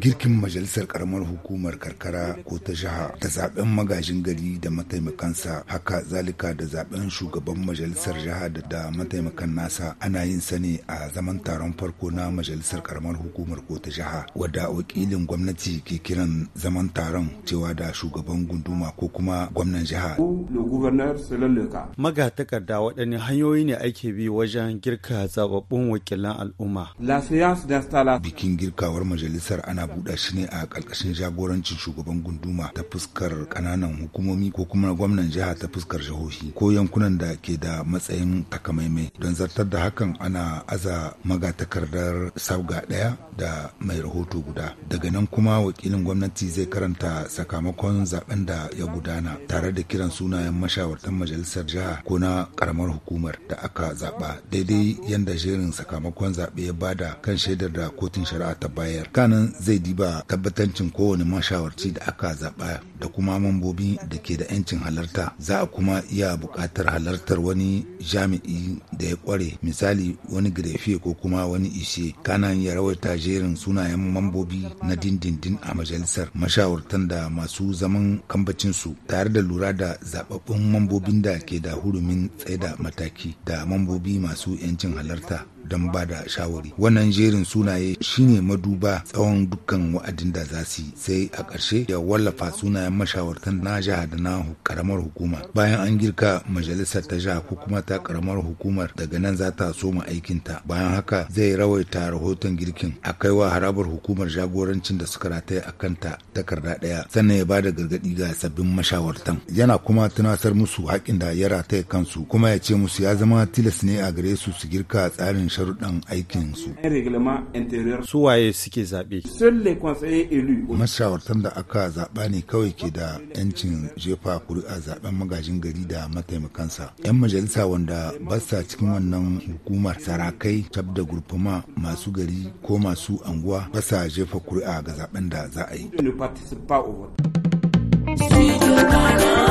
Girkin majalisar karamar hukumar karkara ko ta jiha da zaben magajin gari da mataimakansa haka zalika da zaben shugaban majalisar jiha da da mataimakan nasa ana yin sani a zaman taron farko na majalisar karamar hukumar ko ta jiha wadda wakilin gwamnati ke kiran zaman taron cewa da shugaban gunduma ko kuma gwamnan jiha. Magatakarda waɗanne hanyoyi ne ake bi wajen girka zababbun wakilan al'umma. Bikin girkawar majalisar ana buɗa shi ne a ƙarƙashin jagorancin shugaban gunduma ta fuskar ƙananan hukumomi ko kuma gwamnan jiha ta fuskar jihohi ko yankunan da ke da matsayin takamaimai don zartar da hakan ana aza magatakardar sauga ɗaya da mai rahoto guda daga nan kuma wakilin gwamnati zai karanta sakamakon zaben da ya gudana tare da kiran sunayen mashawartan majalisar jiha ko na karamar hukumar da aka zaɓa daidai yadda jerin sakamakon zaɓe ya bada kan shaidar da kotun shari'a ta bayar Nijar. zai diba tabbatancin kowane mashawarci da aka zaɓa da kuma mambobi da ke da 'yancin halarta. Za a kuma iya buƙatar halartar wani jami'i da ya ƙware misali wani grefe ko kuma wani ishe. Kanan ya rawaita jerin sunayen mambobi na dindindin a majalisar mashawartan da masu zaman kambacin su tare da lura da zaɓaɓɓun mambobin da ke da hurumin tsaida mataki da mambobi masu 'yancin halarta. don ba da shawari wannan jerin sunaye shine maduba tsawon dukkan wa'adin da za su yi sai a ƙarshe ya wallafa sunayen mashawartan na jiha da na karamar hukuma bayan an girka majalisar ta jiha ko kuma ta karamar hukumar daga nan za ta soma aikinta bayan haka zai rawaita rahoton girkin a kaiwa harabar hukumar jagorancin da suka rataya a kanta takarda ɗaya sannan ya ba da gargaɗi ga sabbin mashawartan yana kuma tunasar musu haƙin da ya rataya kansu kuma ya ce musu ya zama tilas ne a gare su su girka tsarin sharuɗan aikinsu. Su waye suke zaɓe? Mashawartan da aka zaɓa ne kawai ke da 'yancin jefa kuri'a zaɓen magajin gari da mataimakansa. 'Yan majalisa wanda ba sa cikin wannan hukumar sarakai, tabda gurfuma masu gari ko masu anguwa ba sa jefa kuri'a ga zaɓen da za a yi. Studio Ghana.